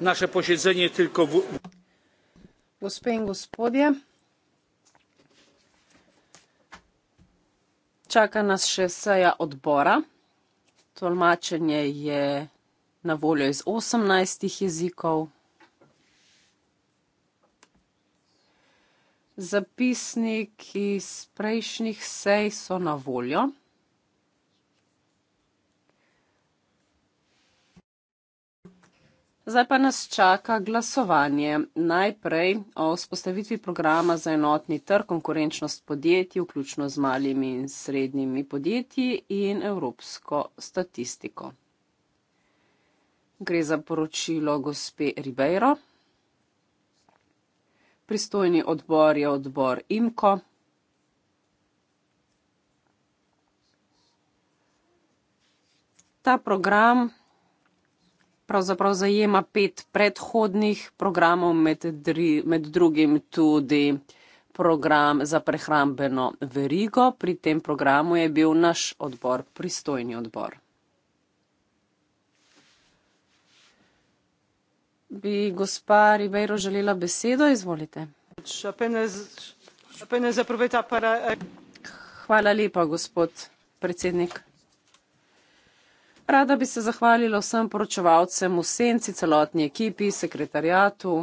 nasze posiedzenie tylko w... Gospe in gospodje, čaka nas še seja odbora. Tolmačenje je na voljo iz 18 jezikov. Zapisniki iz prejšnjih sej so na voljo. Zdaj pa nas čaka glasovanje. Najprej o vzpostavitvi programa za enotni trg, konkurenčnost podjetij, vključno z malimi in srednjimi podjetji in evropsko statistiko. Gre za poročilo gospe Ribeiro. Pristojni odbor je odbor IMKO. Ta program pravzaprav zajema pet predhodnih programov, med, dri, med drugim tudi program za prehrambeno verigo. Pri tem programu je bil naš odbor, pristojni odbor. Bi gospa Ribeiro želela besedo? Izvolite. Hvala lepa, gospod predsednik. Rada bi se zahvalila vsem poročevalcem, v senci, celotni ekipi, sekretarijatu.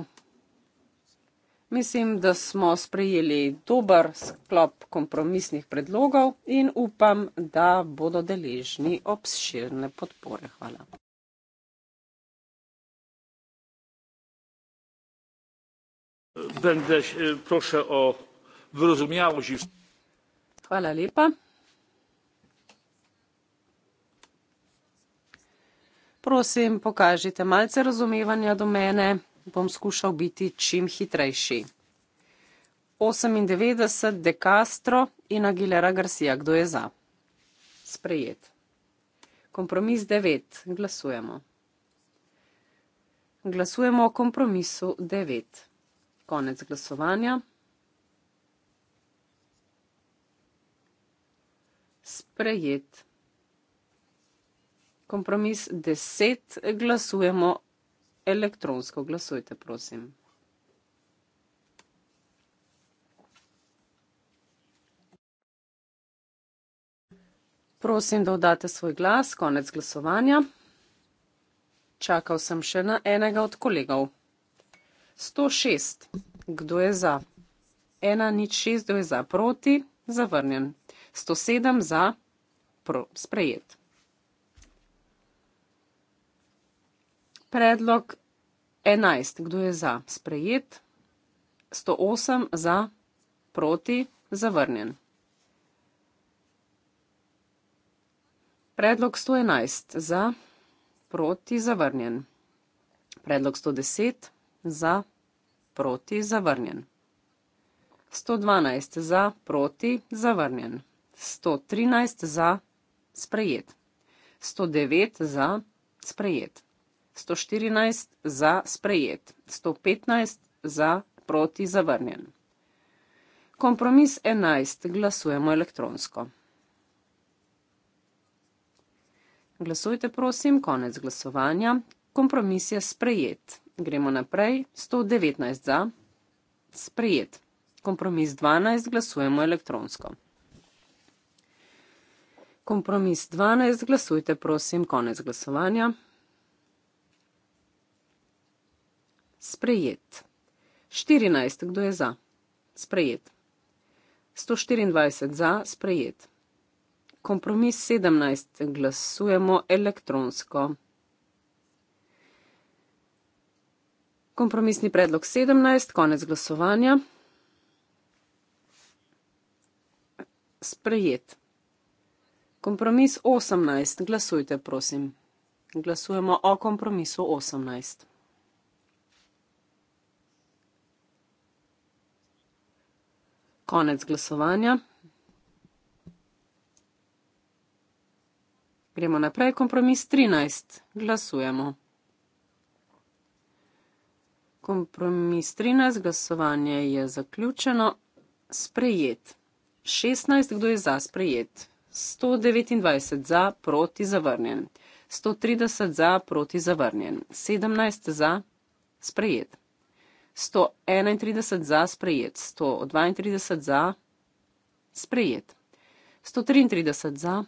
Mislim, da smo sprejeli dober sklop kompromisnih predlogov in upam, da bodo deležni obširne podpore. Hvala. Bendeš, prošel o vrozumljavo živstvo. Hvala lepa. prosim, pokažite malce razumevanja do mene, bom skušal biti čim hitrejši. 98 De Castro in Aguilera Garcia, kdo je za? Sprejet. Kompromis 9, glasujemo. Glasujemo o kompromisu 9. Konec glasovanja. Sprejet kompromis deset, glasujemo elektronsko. Glasujte, prosim. Prosim, da vdate svoj glas, konec glasovanja. Čakal sem še na enega od kolegov. 106. Kdo je za? 1, nič 6, kdo je za? Proti? Zavrnjen. 107 za? Pro, sprejet. predlog 11. Kdo je za? Sprejet. 108 za, proti, zavrnjen. Predlog 111 za, proti, zavrnjen. Predlog 110 za, proti, zavrnjen. 112 za, proti, zavrnjen. 113 za, sprejet. 109 za, sprejet. 114 za sprejet, 115 za proti zavrnjen. Kompromis 11. Glasujemo elektronsko. Glasujte prosim, konec glasovanja. Kompromis je sprejet. Gremo naprej. 119 za. Sprejet. Kompromis 12. Glasujemo elektronsko. Kompromis 12. Glasujte prosim, konec glasovanja. Sprejet. 14. Kdo je za? Sprejet. 124 za, sprejet. Kompromis 17. Glasujemo elektronsko. Kompromisni predlog 17. Konec glasovanja. Sprejet. Kompromis 18. Glasujte, prosim. Glasujemo o kompromisu 18. konec glasovanja. Gremo naprej, kompromis 13. Glasujemo. Kompromis 13, glasovanje je zaključeno. Sprejet. 16, kdo je za sprejet? 129 za, proti zavrnjen. 130 za, proti zavrnjen. 17 za, sprejet. 131 za sprejet, 132 za sprejet, 133 za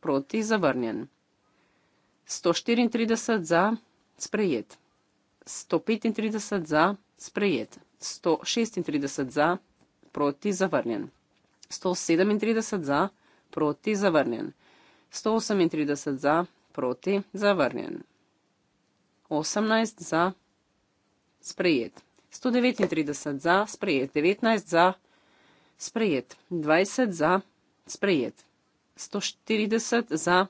proti zavrnjen, 134 za sprejet, 135 za sprejet, 136 za proti zavrnjen, 137 za proti zavrnjen, 138 za proti zavrnjen, 18 za sprejet. 139 za, sprejet 19 za, sprejet 20 za, sprejet 140 za,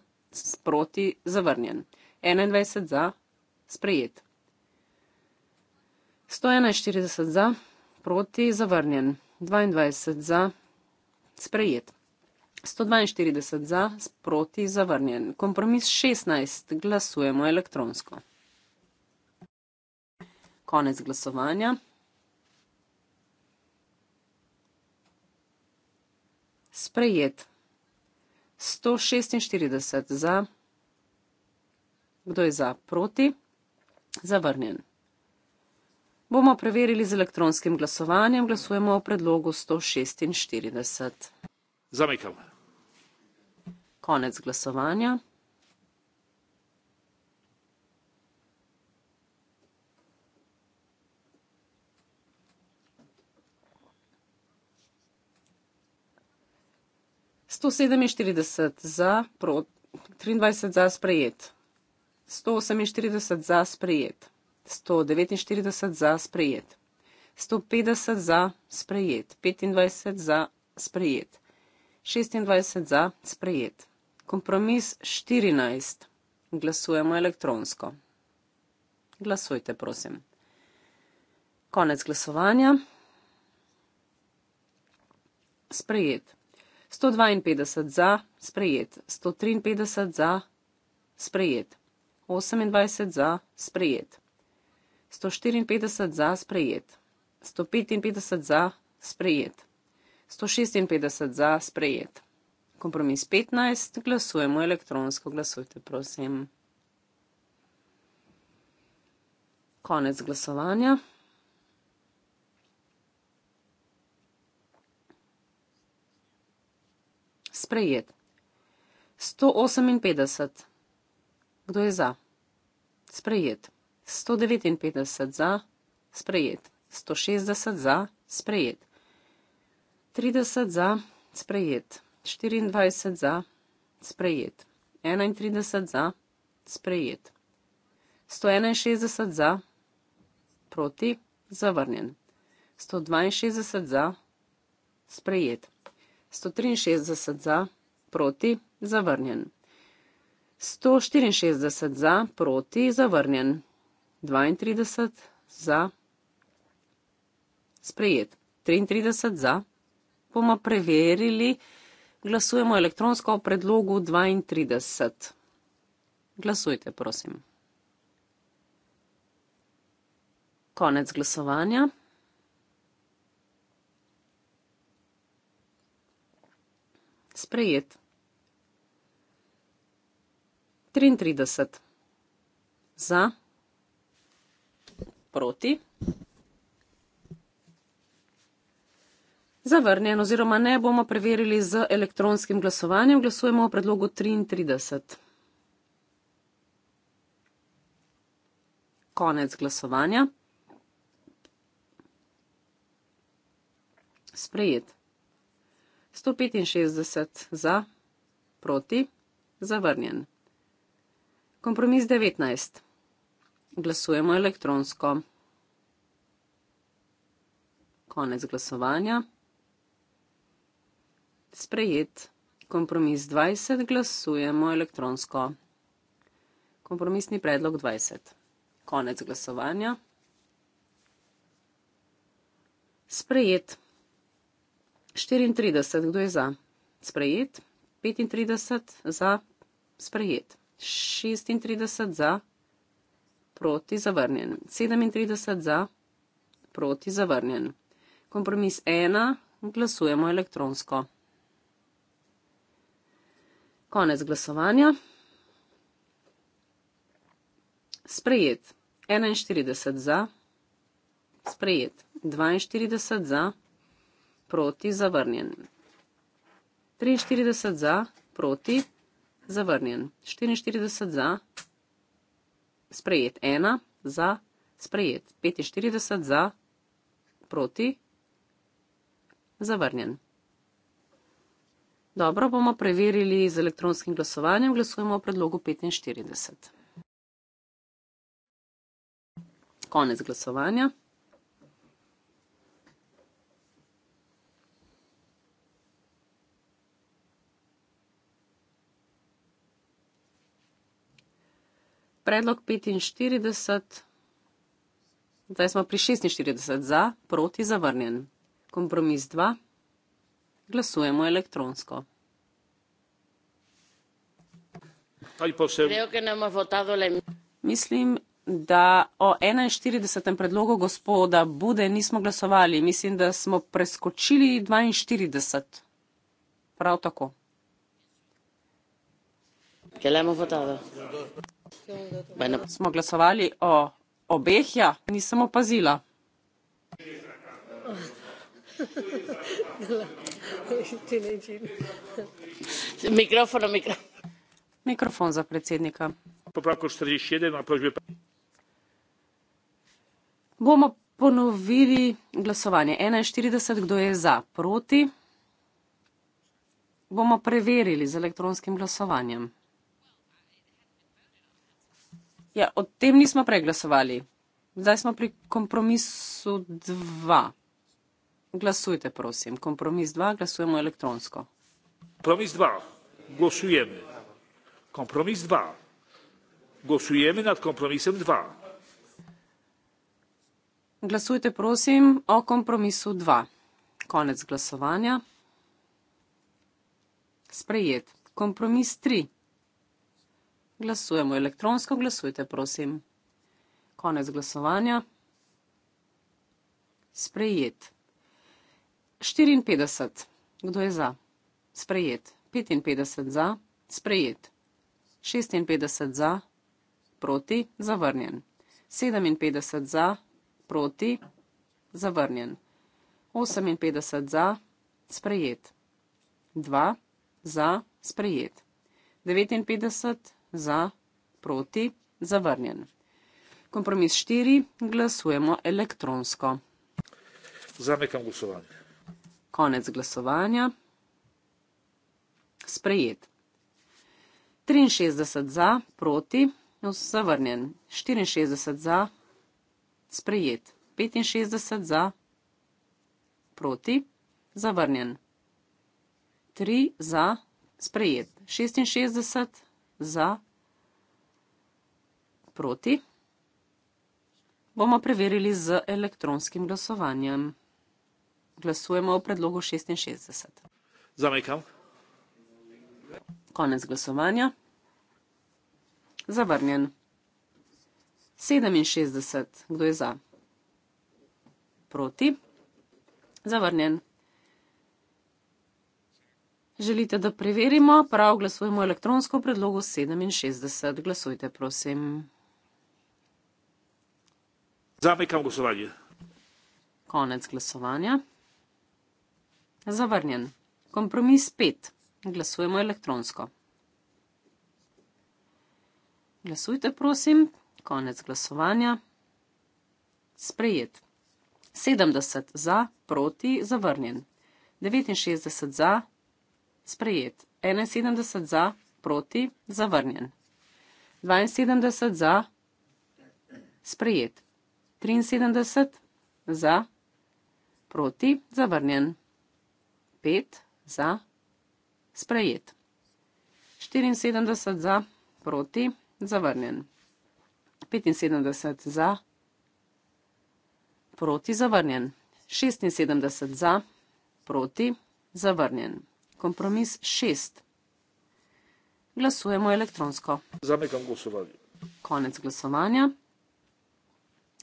proti zavrnjen 21 za, sprejet 141 za, proti zavrnjen 22 za, sprejet 142 za, proti zavrnjen. Kompromis 16. Glasujemo elektronsko konec glasovanja. Sprejet. 146 za. Kdo je za? Proti. Zavrnjen. Bomo preverili z elektronskim glasovanjem. Glasujemo o predlogu 146. Zamekam. Konec glasovanja. 147 za, pro, 23 za sprejet, 148 za sprejet, 149 za sprejet, 150 za sprejet, 25 za sprejet, 26 za sprejet. Kompromis 14. Glasujemo elektronsko. Glasujte, prosim. Konec glasovanja. Sprejet. 152 za, sprejet. 153 za, sprejet. 28 za, sprejet. 154 za, sprejet. 155 za, sprejet. 156 za, sprejet. Kompromis 15, glasujemo elektronsko, glasujte, prosim. Konec glasovanja. sprejet. 158. Kdo je za? Sprejet. 159 za. Sprejet. 160 za. Sprejet. 30 za. Sprejet. 24 za. Sprejet. 31 za. Sprejet. 161 za. Proti. Zavrnjen. 162 za. Sprejet. 163 za, proti, zavrnjen. 164 za, proti, zavrnjen. 32 za, sprejet. 33 za, bomo preverili, glasujemo elektronsko o predlogu 32. Glasujte, prosim. Konec glasovanja. sprejet. 33. Za. Proti. Zavrnjen oziroma ne bomo preverili z elektronskim glasovanjem. Glasujemo o predlogu 33. Konec glasovanja. Sprejet. 165 za, proti, zavrnjen. Kompromis 19. Glasujemo elektronsko. Konec glasovanja. Sprejet. Kompromis 20. Glasujemo elektronsko. Kompromisni predlog 20. Konec glasovanja. Sprejet. 34, kdo je za? Sprejet. 35 za. Sprejet. 36 za. Proti zavrnjen. 37 za. Proti zavrnjen. Kompromis 1. Glasujemo elektronsko. Konec glasovanja. Sprejet. 41 za. Sprejet. 42 za proti, zavrnjen. 43 za, proti, zavrnjen. 44 za, sprejet. 1 za, sprejet. 45 za, proti, zavrnjen. Dobro, bomo preverili z elektronskim glasovanjem. Glasujemo o predlogu 45. Konec glasovanja. predlog 45, zdaj smo pri 46 za, proti zavrnjen. Kompromis 2. Glasujemo elektronsko. No Mislim, da o 41. predlogu gospoda Bude nismo glasovali. Mislim, da smo preskočili 42. Prav tako. Que le hemos votado. Bueno. Smo glasovali o obeh, ja, nisem opazila. Mikrofon, mikrofon. Mikrofon za predsednika. Popravko 41, prosim. Bomo ponovili glasovanje. 41, kdo je za, proti. Bomo preverili z elektronskim glasovanjem. Ja, o tem nismo preglasovali. Zdaj smo pri kompromisu 2. Glasujte, prosim. Kompromis 2, glasujemo elektronsko. Kompromis 2, glasujemo. Kompromis 2, glasujemo nad kompromisom 2. Glasujte, prosim, o kompromisu 2. Konec glasovanja. Sprejet. Kompromis 3. Glasujemo elektronsko, glasujte, prosim. Konec glasovanja. Sprejet. 54. Kdo je za? Sprejet. 55 za. Sprejet. 56 za. Proti. Zavrnjen. 57 za. Proti. Zavrnjen. 58 za. Sprejet. 2 za. Sprejet. 59 za za, proti, zavrnjen. Kompromis štiri, glasujemo elektronsko. Zamekam glasovanje. Konec glasovanja. Sprejet. 63 za, proti, zavrnjen. 64 za, sprejet. 65 za, proti, zavrnjen. 3 za, sprejet. 66 za, sprejet za, proti. Bomo preverili z elektronskim glasovanjem. Glasujemo o predlogu 66. Zamekam. Konec glasovanja. Zavrnjen. 67. Kdo je za? Proti. Zavrnjen. Želite, da preverimo? Prav glasujemo elektronsko predlogu 67. Glasujte, prosim. Zamekam glasovanje. Konec glasovanja. Zavrnjen. Kompromis 5. Glasujemo elektronsko. Glasujte, prosim. Konec glasovanja. Sprejet. 70 za, proti, zavrnjen. 69 za, sprejet. 71 za, proti, zavrnjen. 72 za, sprejet. 73 za, proti, zavrnjen. 5 za, sprejet. 74 za, proti, zavrnjen. 75 za, proti, zavrnjen. 76 za, proti, zavrnjen. Kompromis šest. Glasujemo elektronsko. Za me kam glasovali. Konec glasovanja.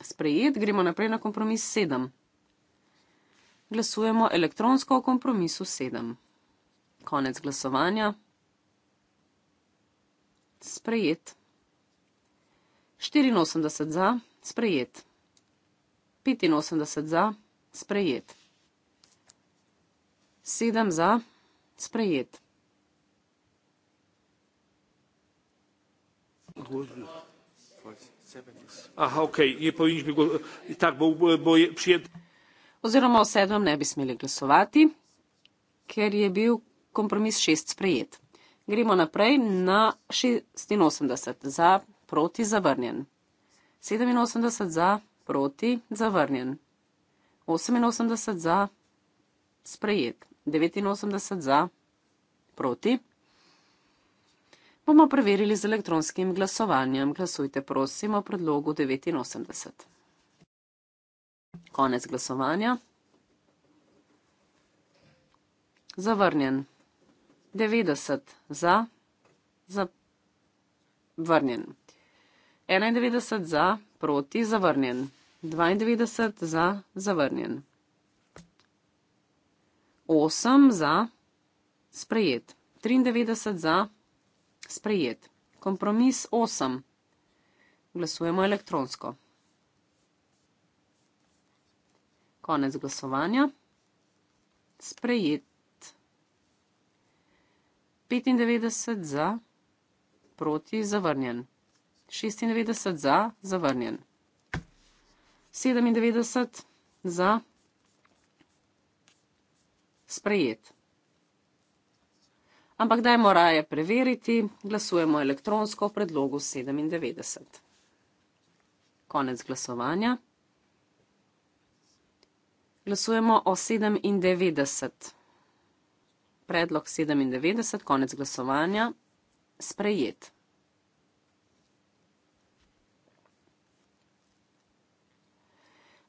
Sprejet, gremo naprej na kompromis sedem. Glasujemo elektronsko o kompromisu sedem. Konec glasovanja. Sprejet. 84 za, sprejet. 85 za, sprejet. 7 za, sprejet. Aha, okay, je povinčbi, tak bo, bo je prijet... Oziroma o sedmem ne bi smeli glasovati, ker je bil kompromis šest sprejet. Gremo naprej na 86 za, proti, zavrnjen. 87 za, proti, zavrnjen. 88 za, sprejet. 89 za, proti. Bomo preverili z elektronskim glasovanjem. Glasujte prosim o predlogu 89. Konec glasovanja. Zavrnjen. 90 za. Zavrnjen. 91 za, proti, zavrnjen. 92 za, zavrnjen. 8 za sprejet, 93 za sprejet. Kompromis 8. Glasujemo elektronsko. Konec glasovanja. Sprejet. 95 za, proti, zavrnjen. 96 za, zavrnjen. 97 za sprejet. Ampak dajmo raje preveriti, glasujemo elektronsko v predlogu 97. Konec glasovanja. Glasujemo o 97. Predlog 97, konec glasovanja, sprejet.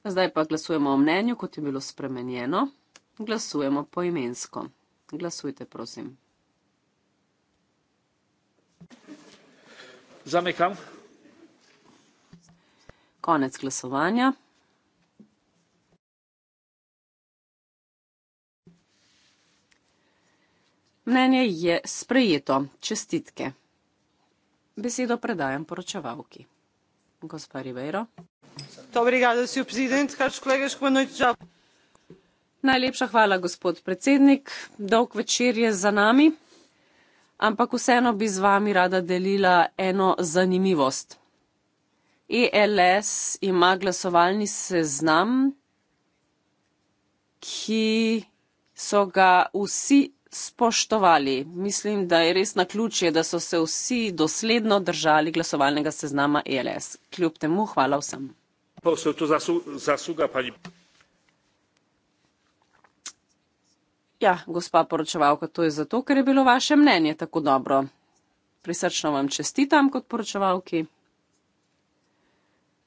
Zdaj pa glasujemo o mnenju, kot je bilo spremenjeno glasujemo poimensko. Glasujte, prosim. Zamekam. Konec glasovanja. Mnenje je sprejeto. Čestitke. Besedo predajam poročevalki. Gospa Ribeiro. Dobro, gospod predsednik, kar školega, škola noč. Najlepša hvala, gospod predsednik. Dolg večer je za nami, ampak vseeno bi z vami rada delila eno zanimivost. ELS ima glasovalni seznam, ki so ga vsi spoštovali. Mislim, da je res na ključje, da so se vsi dosledno držali glasovalnega seznama ELS. Kljub temu, hvala vsem. Pa vse to zasluga, pani. Ja, gospa poročevalka, to je zato, ker je bilo vaše mnenje tako dobro. Prisrčno vam čestitam kot poročevalki.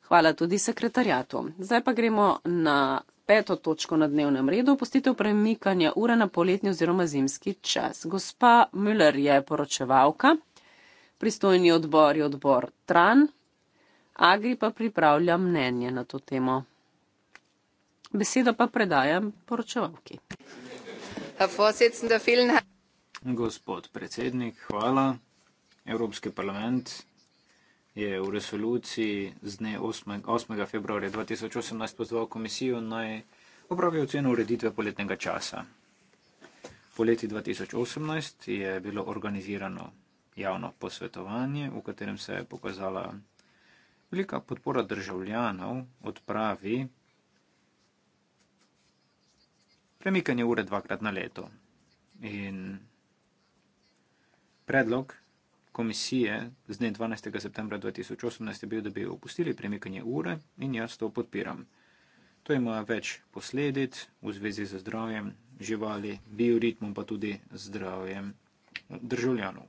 Hvala tudi sekretarjatu. Zdaj pa gremo na peto točko na dnevnem redu, postitev premikanja ure na poletni oziroma zimski čas. Gospa Müller je poročevalka, pristojni odbor je odbor Tran, Agri pa pripravlja mnenje na to temo. Besedo pa predajam poročevalki. Gospod predsednik, hvala. Evropski parlament je v resoluciji z dne 8. 8. februarja 2018 pozval komisijo naj opravi oceno ureditve poletnega časa. Po leti 2018 je bilo organizirano javno posvetovanje, v katerem se je pokazala velika podpora državljanov odpravi premikanje ure dvakrat na leto. In predlog komisije z dne 12. septembra 2018 je bil, da bi opustili premikanje ure in jaz to podpiram. To ima več posledic v zvezi z zdravjem živali, bioritmom pa tudi zdravjem eh, državljanov.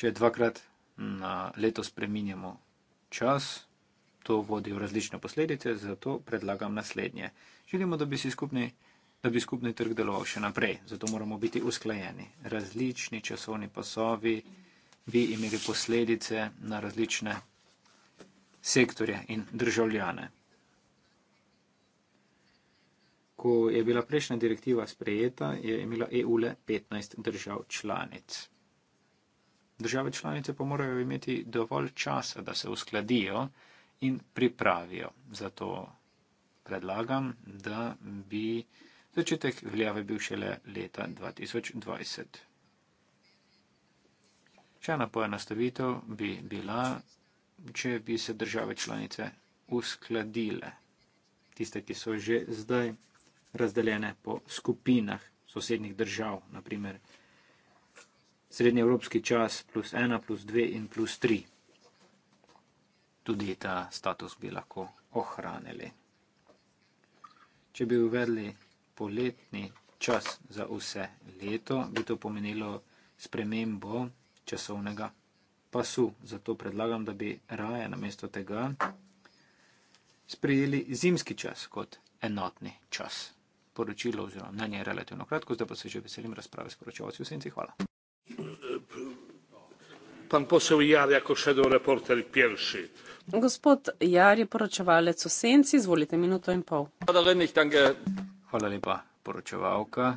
Če dvakrat na leto spreminjamo čas, to vodi v različne posledice, zato predlagam naslednje. Želimo, da bi, skupni, da bi skupni trg deloval še naprej, zato moramo biti usklajeni. Različni časovni pasovi bi imeli posledice na različne sektorje in državljane. Ko je bila prejšnja direktiva sprejeta, je imela EU le 15 držav članic. Države članice pa morajo imeti dovolj časa, da se uskladijo in pripravijo. Zato predlagam, da bi začetek veljave bil šele leta 2020. Še ena poenostavitev bi bila, če bi se države članice uskladile. Tiste, ki so že zdaj razdeljene po skupinah sosednjih držav, naprimer srednjeevropski čas plus ena, plus dve in plus tri tudi ta status bi lahko ohranili. Če bi uvedli poletni čas za vse leto, bi to pomenilo spremembo časovnega pasu. Zato predlagam, da bi raje namesto tega sprejeli zimski čas kot enotni čas. Poročilo oziroma mnenje je relativno kratko, zdaj pa se že veselim razprave s poročevalci v senci. Hvala gospod jar je poročevalec v senci izvolite minuto in pol hvala lepa poročevalka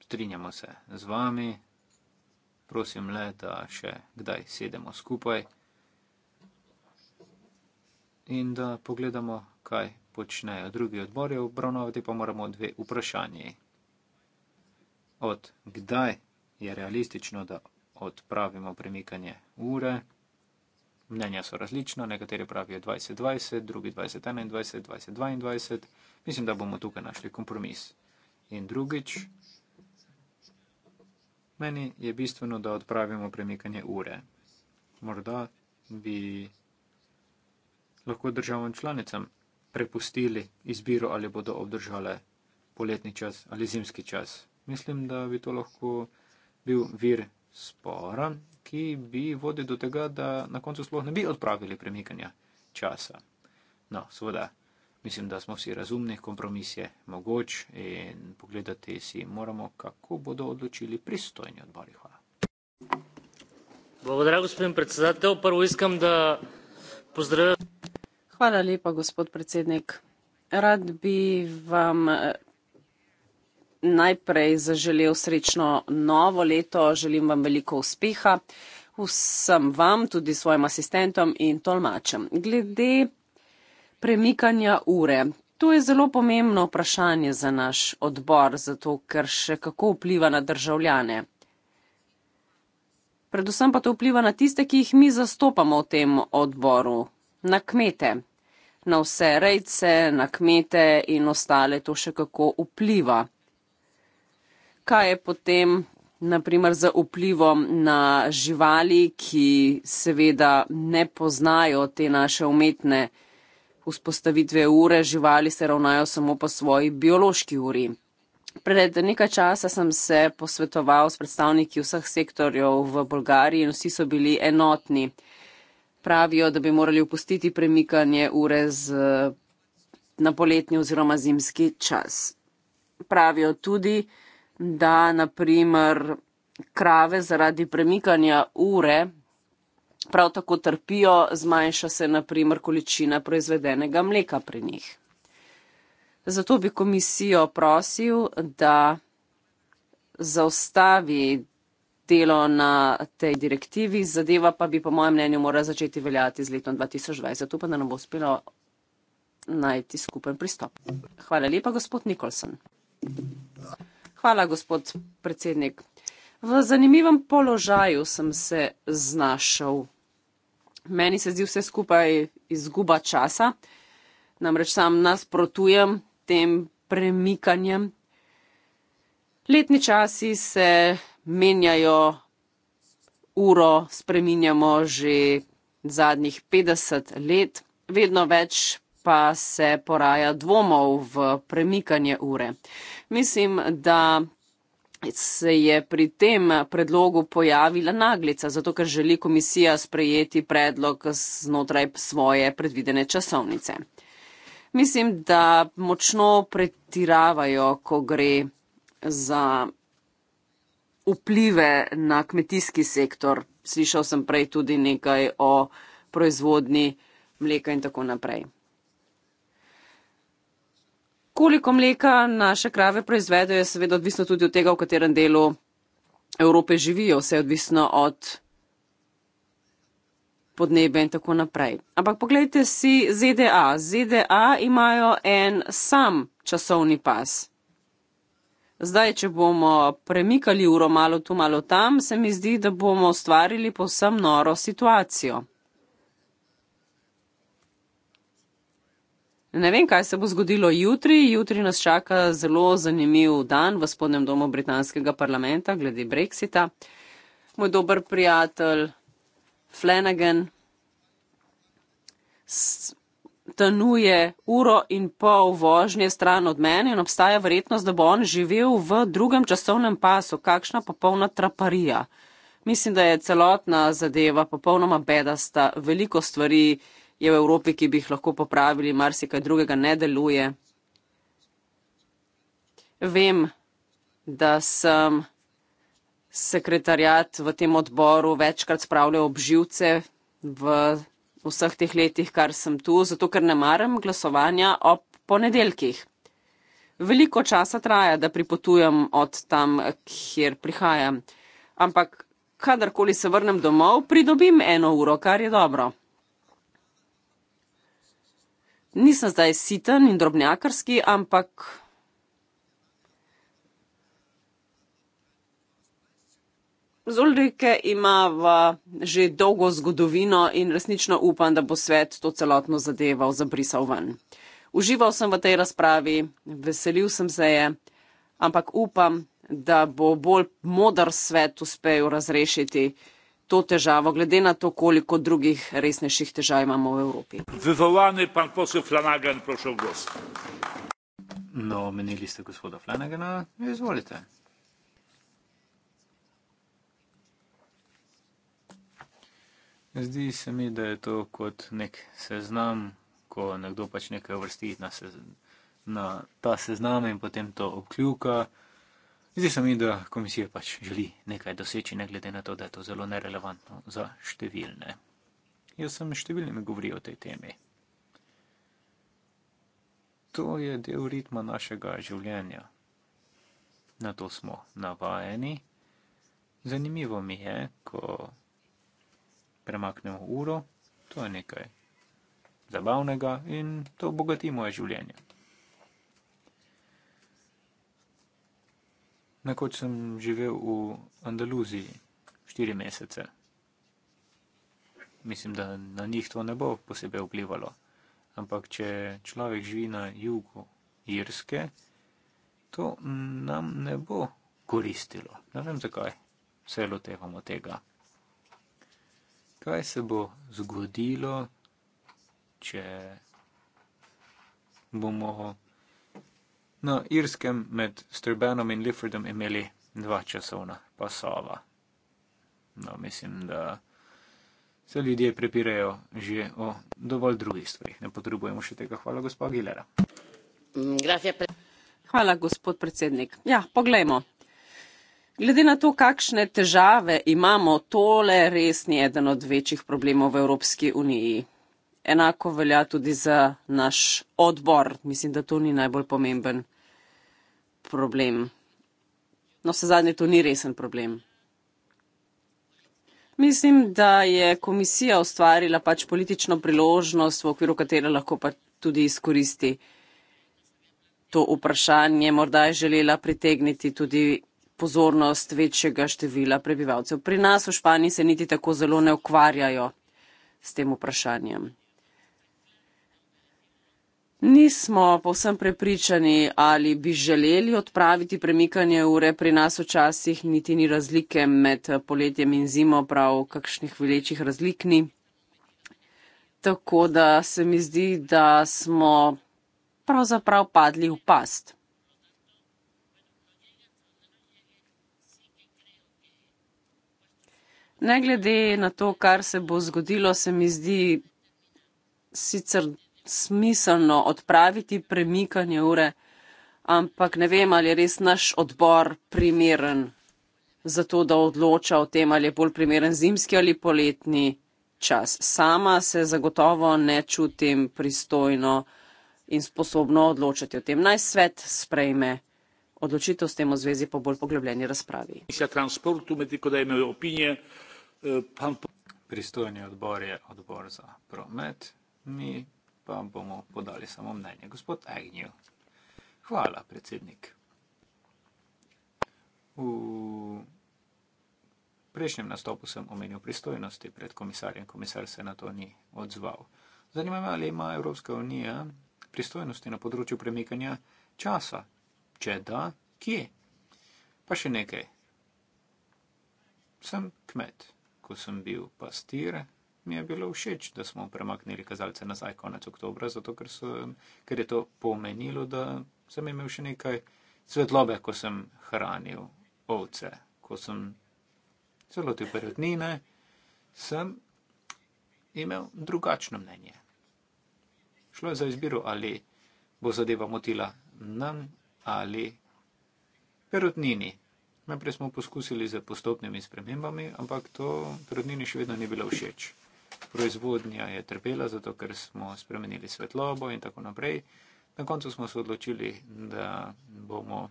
strinjamo se z vami prosim le da še kdaj sedemo skupaj in da pogledamo kaj počnejo drugi odbori obravnavati pa moramo dve vprašanji od kdaj je realistično da odpravimo premikanje ure. Mnenja so različna, nekateri pravijo 2020, drugi 2021, 2022. Mislim, da bomo tukaj našli kompromis. In drugič, meni je bistveno, da odpravimo premikanje ure. Morda bi lahko državam članicam prepustili izbiro, ali bodo obdržale poletni čas ali zimski čas. Mislim, da bi to lahko bil vir spora, ki bi vodil do tega, da na koncu sploh ne bi odpravili premikanja časa. No, seveda, mislim, da smo vsi razumni, kompromis je mogoč in pogledati si moramo, kako bodo odločili pristojni odbori. Hvala. Благодаря, господин председател. Първо искам да поздравя. Хвала лепа, господ председник. Рад би вам najprej zaželel srečno novo leto, želim vam veliko uspeha, vsem vam, tudi svojim asistentom in tolmačem. Glede premikanja ure. To je zelo pomembno vprašanje za naš odbor, zato ker še kako vpliva na državljane. Predvsem pa to vpliva na tiste, ki jih mi zastopamo v tem odboru, na kmete, na vse rejce, na kmete in ostale, to še kako vpliva kaj je potem, naprimer, za vplivom na živali, ki seveda ne poznajo te naše umetne vzpostavitve ure, živali se ravnajo samo po svoji biološki uri. Pred nekaj časa sem se posvetoval s predstavniki vseh sektorjev v Bolgariji in vsi so bili enotni. Pravijo, da bi morali upustiti premikanje ure z, na poletni oziroma zimski čas. Pravijo tudi, da da naprimer krave zaradi premikanja ure prav tako trpijo, zmanjša se naprimer količina proizvedenega mleka pri njih. Zato bi komisijo prosil, da zaustavi delo na tej direktivi, zadeva pa bi po mojem mnenju mora začeti veljati z letom 2020, upam, da nam bo uspelo najti skupen pristop. Hvala lepa, gospod Nikolson. Thank you. Hvala, gospod predsednik. V zanimivem položaju sem se znašel. Meni se zdi vse skupaj izguba časa, namreč sam nasprotujem tem premikanjem. Letni časi se menjajo, uro spreminjamo že zadnjih 50 let, vedno več pa se poraja dvomov v premikanje ure. Mislim, da se je pri tem predlogu pojavila naglica, zato ker želi komisija sprejeti predlog znotraj svoje predvidene časovnice. Mislim, da močno pretiravajo, ko gre za vplive na kmetijski sektor. Slišal sem prej tudi nekaj o proizvodni mleka in tako naprej. Koliko mleka naše krave proizvedejo, je seveda odvisno tudi od tega, v katerem delu Evrope živijo. Vse je odvisno od podnebja in tako naprej. Ampak pogledajte si ZDA. ZDA imajo en sam časovni pas. Zdaj, če bomo premikali uro malo tu, malo tam, se mi zdi, da bomo ustvarili povsem noro situacijo. Ne vem, kaj se bo zgodilo jutri. Jutri nas čaka zelo zanimiv dan v spodnjem domu britanskega parlamenta glede Brexita. Moj dober prijatelj Flanagan stanuje uro in pol vožnje stran od mene in obstaja verjetnost, da bo on živel v drugem časovnem pasu. Kakšna popolna traparija. Mislim, da je celotna zadeva popolnoma bedasta. Veliko stvari je v Evropi, ki bi jih lahko popravili, marsikaj drugega ne deluje. Vem, da sem sekretarjat v tem odboru večkrat spravljal obživce v vseh teh letih, kar sem tu, zato ker ne maram glasovanja ob ponedeljkih. Veliko časa traja, da pripotujem od tam, kjer prihajam. Ampak, kadarkoli se vrnem domov, pridobim eno uro, kar je dobro nisem zdaj siten in drobnjakarski, ampak. Zuldike ima že dolgo zgodovino in resnično upam, da bo svet to celotno zadevo zabrisal ven. Užival sem v tej razpravi, veselil sem se je, ampak upam, da bo bolj modr svet uspel razrešiti to težavo, glede na to, koliko drugih resnejših težav imamo v Evropi. Vyvolani pan posel Flanagan, prosim, glas. No, menili ste gospoda Flanagana, izvolite. Zdi se mi, da je to kot nek seznam, ko nekdo pač nekaj vrsti na, sez, na ta seznam in potem to obkljuka. Zdi se mi, da komisija pač želi nekaj doseči, ne glede na to, da je to zelo nerelevantno za številne. Jaz sem številnimi govoril o tej temi. To je del ritma našega življenja. Na to smo navajeni. Zanimivo mi je, ko premaknemo uro, to je nekaj zabavnega in to obogati moje življenje. Nekoč sem živel v Andaluziji štiri mesece. Mislim, da na njih to ne bo posebej vplivalo. Ampak, če človek živi na jugu Irske, to nam ne bo koristilo. Ne vem, zakaj se lotevamo tega. Kaj se bo zgodilo, če bomo na Irskem med Strbenom in Liffordom imeli dva časovna pasova. No, mislim, da se ljudje prepirajo že o dovolj drugih stvarih. Ne potrebujemo še tega. Hvala, gospod Gilera. Hvala, gospod predsednik. Ja, poglejmo. Glede na to, kakšne težave imamo, tole res ni eden od večjih problemov v Evropski uniji. Enako velja tudi za naš odbor. Mislim, da to ni najbolj pomemben problem. No, vse zadnje, to ni resen problem. Mislim, da je komisija ustvarila pač politično priložnost, v okviru katere lahko pa tudi izkoristi to vprašanje. Morda je želela pritegniti tudi pozornost večjega števila prebivalcev. Pri nas v Španiji se niti tako zelo ne ukvarjajo s tem vprašanjem. Nismo povsem prepričani, ali bi želeli odpraviti premikanje ure. Pri nas včasih niti ni razlike med poletjem in zimo, prav kakšnih velečih razlik ni. Tako da se mi zdi, da smo pravzaprav padli v past. Ne glede na to, kar se bo zgodilo, se mi zdi sicer smiselno odpraviti premikanje ure, ampak ne vem, ali je res naš odbor primeren za to, da odloča o tem, ali je bolj primeren zimski ali poletni čas. Sama se zagotovo ne čutim pristojno in sposobno odločati o tem. Naj svet sprejme odločitev s tem v zvezi po bolj poglobljeni razpravi. Eh, Pristojni odbor je odbor za promet. Mi pa bomo podali samo mnenje. Gospod Agnew. Hvala, predsednik. V prejšnjem nastopu sem omenil pristojnosti pred komisarjem. Komisar se na to ni odzval. Zanima me, ali ima Evropska unija pristojnosti na področju premikanja časa. Če da, kje? Pa še nekaj. Sem kmet. Ko sem bil pastir, mi je bilo všeč, da smo premaknili kazalce nazaj konec oktobra, zato ker, so, ker je to pomenilo, da sem imel še nekaj svetlobe, ko sem hranil ovce, ko sem celo te periodnine, sem imel drugačno mnenje. Šlo je za izbiro, ali bo zadeva motila nam ali periodnini. Najprej smo poskusili z postopnimi spremembami, ampak to prednini še vedno ni bilo všeč proizvodnja je trpela, zato ker smo spremenili svetlobo in tako naprej. Na koncu smo se odločili, da bomo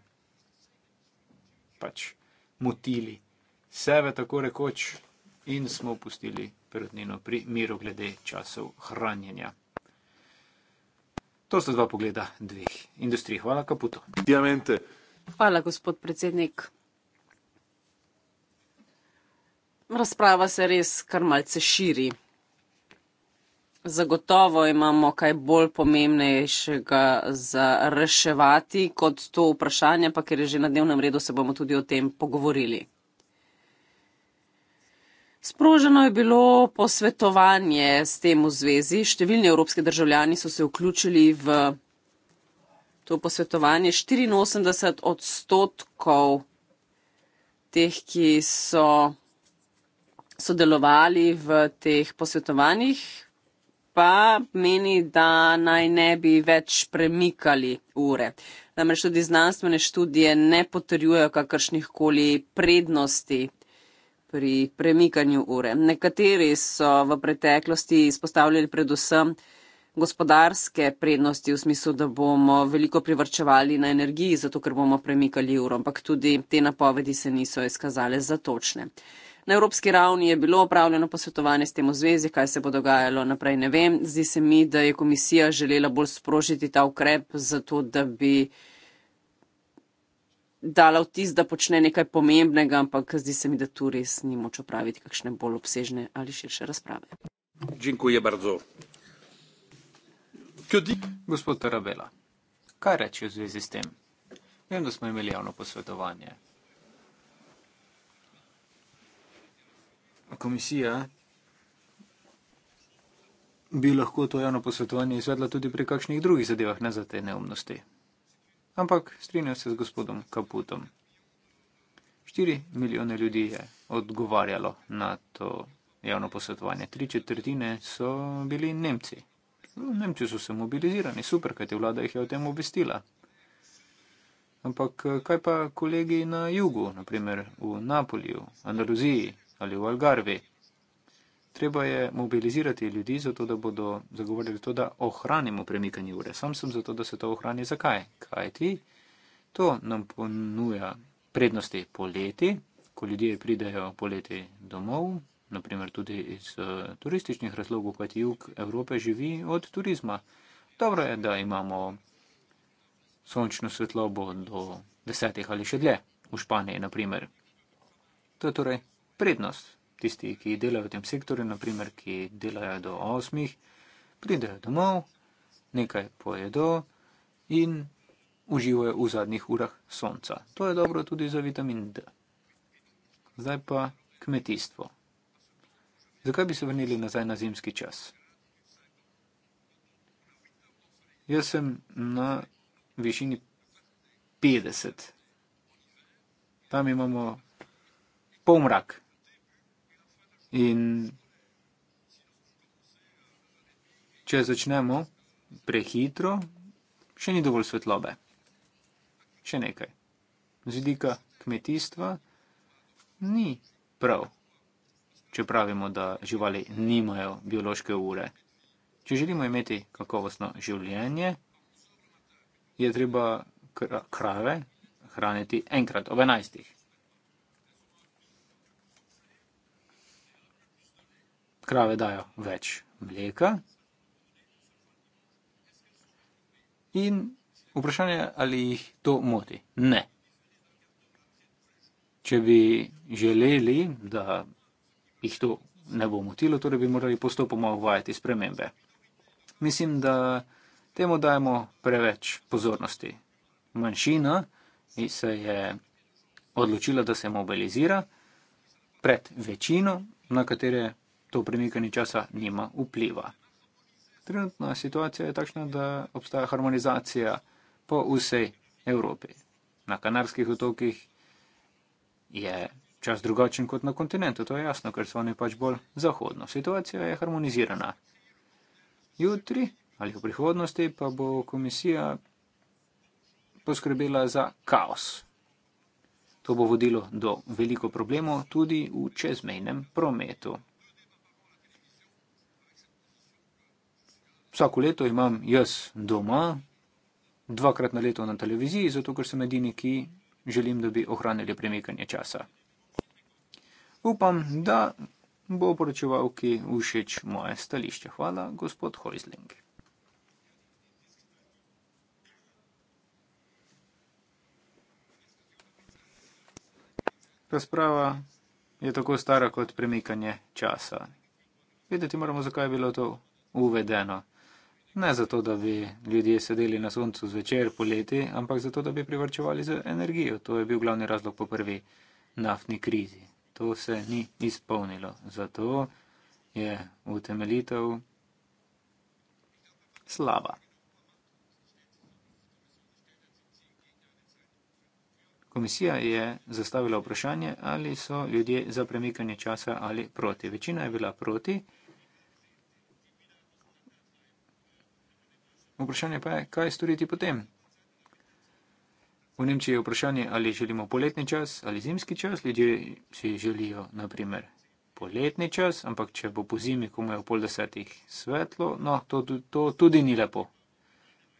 pač mutili sebe tako rekoč in smo opustili prednino pri miru glede časov hranjenja. To sta dva pogleda dveh industrij. Hvala, Kaputo. Diamente. Hvala, gospod predsednik. Razprava se res kar malce širi. Zagotovo imamo kaj bolj pomembnejšega za reševati kot to vprašanje, pa ker je že na dnevnem redu, se bomo tudi o tem pogovorili. Sproženo je bilo posvetovanje s tem v zvezi. Številni evropski državljani so se vključili v to posvetovanje. 84 odstotkov teh, ki so sodelovali v teh posvetovanjih, pa meni, da naj ne bi več premikali ure. Namreč tudi znanstvene študije ne potrjujejo kakršnih koli prednosti pri premikanju ure. Nekateri so v preteklosti izpostavljali predvsem gospodarske prednosti v smislu, da bomo veliko privrčevali na energiji, zato ker bomo premikali uro, ampak tudi te napovedi se niso izkazale za točne. Na evropski ravni je bilo opravljeno posvetovanje s tem v zvezi, kaj se bo dogajalo naprej, ne vem. Zdi se mi, da je komisija želela bolj sprožiti ta ukrep, zato da bi dala vtis, da počne nekaj pomembnega, ampak zdi se mi, da tu res ni moč opraviti kakšne bolj obsežne ali širše razprave. Dziękuję bardzo. Kjodi? Gospod Tarabela, kaj reči v zvezi s tem? Vem, da smo imeli javno posvetovanje. komisija bi lahko to javno posvetovanje izvedla tudi pri kakšnih drugih zadevah, ne za te neumnosti. Ampak strinjam se z gospodom Kaputom. 4 milijone ljudi je odgovarjalo na to javno posvetovanje. Tri četrtine so bili Nemci. No, Nemci so se mobilizirani, super, kajti vlada jih je o tem obvestila. Ampak kaj pa kolegi na jugu, naprimer v Napolju, Andaluziji, ali v Algarvi. Treba je mobilizirati ljudi, zato da bodo zagovarjali to, da ohranimo premikanje ure. Sam sem zato, da se to ohrani. Zakaj? Kaj ti? To nam ponuja prednosti poleti, ko ljudje pridejo poleti domov, naprimer tudi iz eh, turističnih razlogov, kajti jug Evrope živi od turizma. Dobro je, da imamo sončno svetlobo do desetih ali še dlje, v Španiji naprimer. To je torej prednost. Tisti, ki delajo v tem sektorju, naprimer, ki delajo do 8, pridejo domov, nekaj pojedo in uživajo v zadnjih urah sonca. To je dobro tudi za vitamin D. Zdaj pa kmetijstvo. Zakaj bi se vrnili nazaj na zimski čas? Jaz sem na višini 50. Tam imamo pol mraka. In če začnemo prehitro, še ni dovolj svetlobe. Še nekaj. Z vidika kmetijstva ni prav, če pravimo, da živali nimajo biološke ure. Če želimo imeti kakovostno življenje, je treba krave hraniti enkrat ob enajstih. krave dajo več mleka. In vprašanje je, ali jih to moti. Ne. Če bi želeli, da jih to ne bo motilo, torej bi morali postopoma uvajati spremembe. Mislim, da temu dajemo preveč pozornosti. Manjšina se je odločila, da se mobilizira pred večino, na katere to premikanje časa nima vpliva. Trenutna situacija je takšna, da obstaja harmonizacija po vsej Evropi. Na Kanarskih otokih je čas drugačen kot na kontinentu, to je jasno, ker so oni pač bolj zahodno. Situacija je harmonizirana. Jutri ali v prihodnosti pa bo komisija poskrbela za kaos. To bo vodilo do veliko problemov tudi v čezmejnem prometu. vsako leto imam jaz doma, dvakrat na leto na televiziji, zato ker sem edini, ki želim, da bi ohranili premikanje časa. Upam, da bo poročeval, ki všeč moje stališče. Hvala, gospod Hojzling. Razprava je tako stara kot premikanje časa. Vedeti moramo, zakaj je bilo to uvedeno. Ne zato, da bi ljudje sedeli na soncu zvečer, poleti, ampak zato, da bi privrčevali za energijo. To je bil glavni razlog po prvi naftni krizi. To se ni izpolnilo. Zato je utemeljitev slaba. Komisija je zastavila vprašanje, ali so ljudje za premikanje časa ali proti. Večina je bila proti. Vprašanje pa je, kaj storiti potem? V Nemčiji je vprašanje, ali želimo poletni čas ali zimski čas. Ljudje si želijo, naprimer, poletni čas, ampak če bo po zimi, ko imajo pol desetih svetlo, no, to, to tudi ni lepo.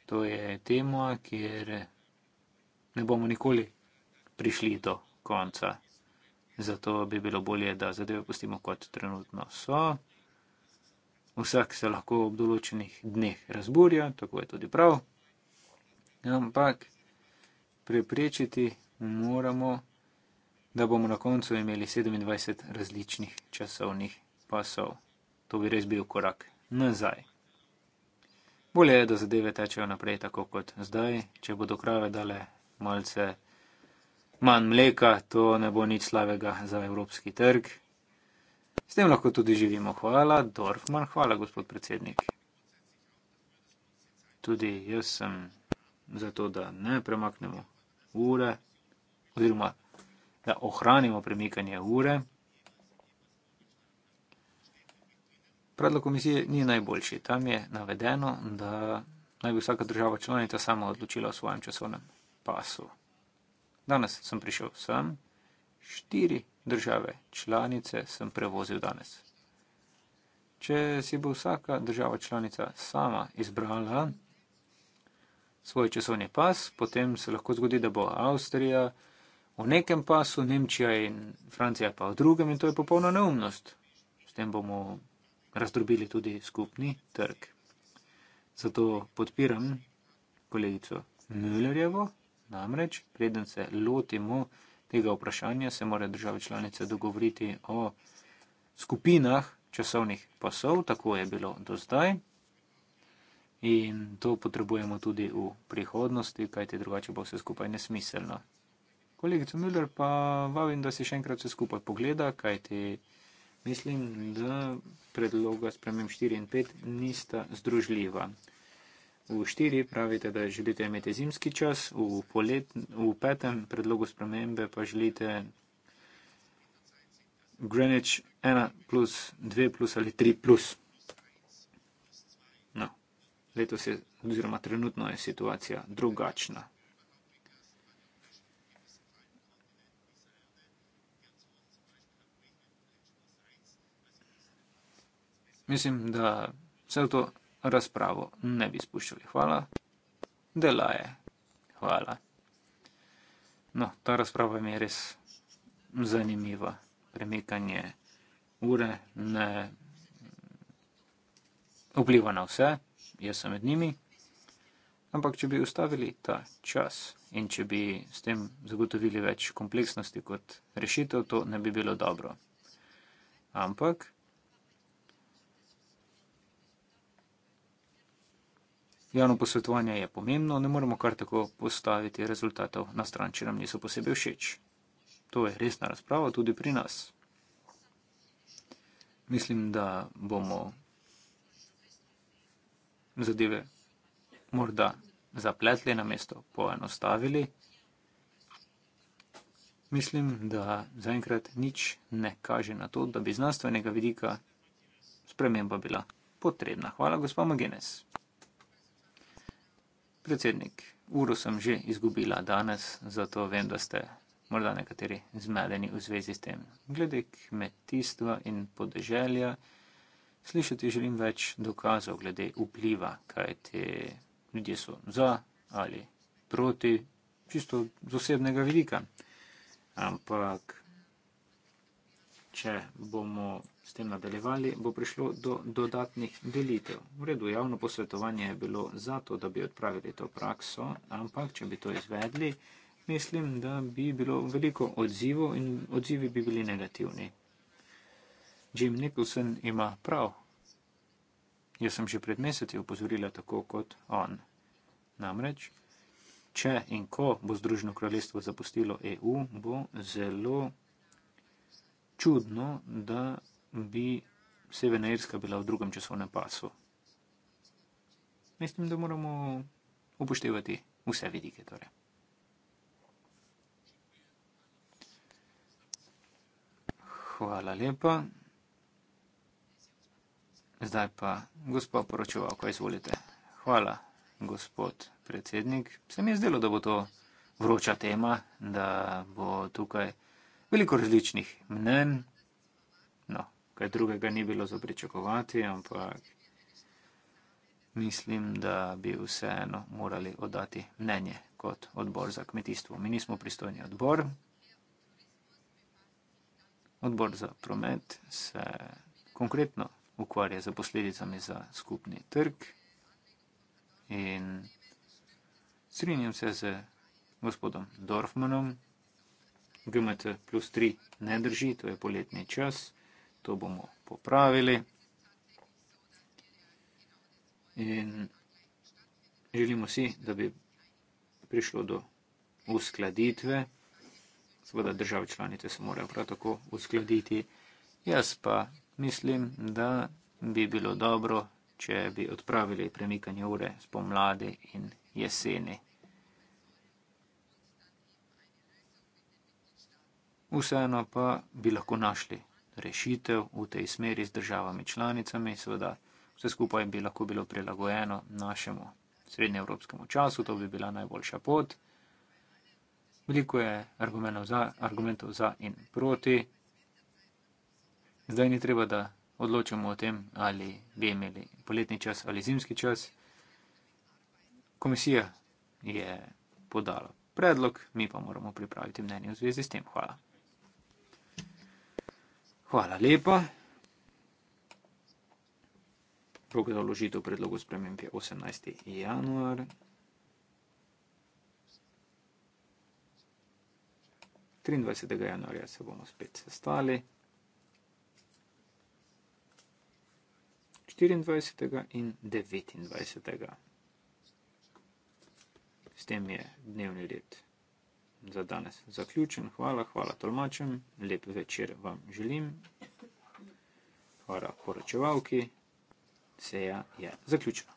To je tema, kjer ne bomo nikoli prišli do konca. Zato bi bilo bolje, da zadeve pustimo kot trenutno so. Vsak se lahko ob določenih dneh razburja, tako je tudi prav. Ampak preprečiti moramo, da bomo na koncu imeli 27 različnih časovnih pasov. To bi res bil korak nazaj. Bolje je, da zadeve tečejo naprej tako kot zdaj. Če bodo krave dale malce manj mleka, to ne bo nič slavega za evropski trg. S tem lahko tudi živimo. Hvala, Dorfman, hvala, gospod predsednik. Tudi jaz sem za to, da ne premaknemo ure, oziroma da ohranimo premikanje ure. Predlog komisije ni najboljši. Tam je navedeno, da naj bi vsaka država članica sama odločila o svojem časovnem pasu. Danes sem prišel sem štiri države članice sem prevozil danes. Če si bo vsaka država članica sama izbrala svoj časovni pas, potem se lahko zgodi, da bo Avstrija v nekem pasu, Nemčija in Francija pa v drugem in to je popolna neumnost. S tem bomo razdrobili tudi skupni trg. Zato podpiram kolegico Müllerjevo, namreč, preden se lotimo, tega vprašanja, se morajo države članice dogovoriti o skupinah časovnih pasov, tako je bilo do zdaj. In to potrebujemo tudi v prihodnosti, kajti drugače bo vse skupaj nesmiselno. Kolegica Müller, pa vabim, da si še enkrat vse skupaj pogleda, kajti mislim, da predloga spremem 4 in 5 nista združljiva. V štiri pravite, da želite imeti zimski čas, v, polet, v petem predlogu spremembe pa želite Greenwich 1 plus 2 plus ali 3 plus. No, letos je, oziroma trenutno je situacija drugačna. Mislim, da vse to razpravo ne bi spuščali. Hvala. Dela je. Hvala. No, ta razprava mi je res zanimiva. Premikanje ure ne vpliva na vse, jaz sem med njimi. Ampak, če bi ustavili ta čas in če bi s tem zagotovili več kompleksnosti kot rešitev, to ne bi bilo dobro. Ampak, Javno posvetovanje je pomembno, ne moremo kar tako postaviti rezultatov na stran, če nam niso posebej všeč. To je resna razprava tudi pri nas. Mislim, da bomo zadeve morda zapletli na mesto, poenostavili. Mislim, da zaenkrat nič ne kaže na to, da bi znanstvenega vidika sprememba bila potrebna. Hvala, gospa Magenes. Predsednik, uro sem že izgubila danes, zato vem, da ste morda nekateri zmedeni v zvezi s tem. Glede kmetijstva in podeželja, slišati želim več dokazov glede vpliva, kaj te ljudje so za ali proti, čisto z osebnega vidika. Ampak če bomo s tem nadaljevali, bo prišlo do dodatnih delitev. V redu, javno posvetovanje je bilo zato, da bi odpravili to prakso, ampak če bi to izvedli, mislim, da bi bilo veliko odzivov in odzivi bi bili negativni. Jim Nicholson ima prav. Jaz sem že pred meseci upozorila tako kot on. Namreč, če in ko bo Združeno kraljestvo zapustilo EU, bo zelo čudno, da bi Severna Irska bila v drugem časovnem pasu. Mislim, da moramo upoštevati vse vidike. Torej. Hvala lepa. Zdaj pa, gospod poročeval, kaj izvolite. Hvala, gospod predsednik. Se mi je zdelo, da bo to vroča tema, da bo tukaj veliko različnih mnen, no, kaj drugega ni bilo za pričakovati, ampak mislim, da bi vseeno morali oddati mnenje kot odbor za kmetijstvo. Mi nismo pristojni odbor. Odbor za promet se konkretno ukvarja z posledicami za skupni trg in strinjam se z gospodom Dorfmanom. GMT plus 3 ne drži, to je poletni čas, to bomo popravili. In želimo si, da bi prišlo do uskladitve, seveda države članice se morajo prav tako uskladiti, jaz pa mislim, da bi bilo dobro, če bi odpravili premikanje ure spomladi in jeseni. vseeno pa bi lahko našli rešitev v tej smeri z državami članicami, seveda vse skupaj bi lahko bilo prilagojeno našemu srednjeevropskemu času, to bi bila najboljša pot. Veliko je argumentov za, argumentov za in proti. Zdaj ni treba, da odločamo o tem, ali bi imeli poletni čas ali zimski čas. Komisija je podala predlog, mi pa moramo pripraviti mnenje v zvezi s tem. Hvala. Hvala lepa. Rok za vložitev predlogov sprememb je 18. januar. Trindvajset januarja se bomo spet sestali. Štiriindvajset in devetindvajset. S tem je dnevni red za danes zaključen. Hvala, hvala tolmačem, lep večer vam želim. Hvala poročevalki, seja je zaključena.